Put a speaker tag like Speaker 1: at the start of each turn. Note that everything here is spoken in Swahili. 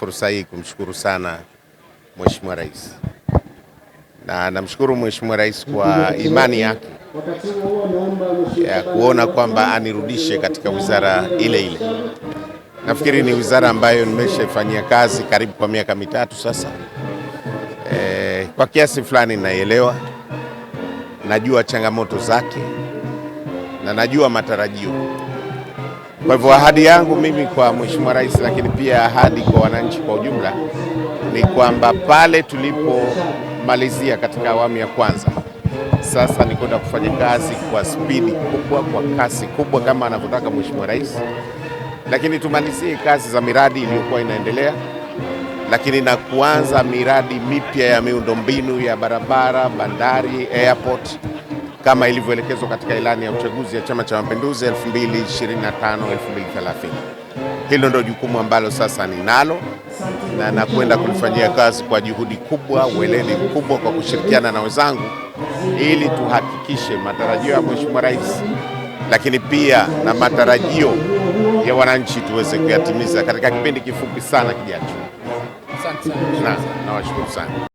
Speaker 1: fursa hii kumshukuru sana Mheshimiwa Rais na namshukuru Mheshimiwa Rais kwa imani yake ya kuona kwamba anirudishe katika wizara ile ile. Nafikiri ni wizara ambayo nimeshafanyia kazi karibu kwa miaka mitatu sasa. E, kwa kiasi fulani naielewa, najua changamoto zake na najua matarajio kwa hivyo ahadi yangu mimi kwa Mheshimiwa Rais, lakini pia ahadi kwa wananchi kwa ujumla ni kwamba pale tulipomalizia katika awamu ya kwanza, sasa ni kwenda kufanya kazi kwa spidi kubwa, kwa kasi kubwa kama anavyotaka Mheshimiwa Rais, lakini tumalizie kazi za miradi iliyokuwa inaendelea, lakini na kuanza miradi mipya ya miundombinu ya barabara, bandari, airport kama ilivyoelekezwa katika ilani ya uchaguzi ya Chama cha Mapinduzi 2025-2030. Hilo ndio jukumu ambalo sasa ninalo na nakwenda kulifanyia kazi kwa juhudi kubwa, weledi mkubwa, kwa kushirikiana na wenzangu ili tuhakikishe matarajio ya Mheshimiwa Rais, lakini pia na matarajio ya wananchi tuweze kuyatimiza katika kipindi kifupi sana kijacho. Asante sana. Na nawashukuru sana.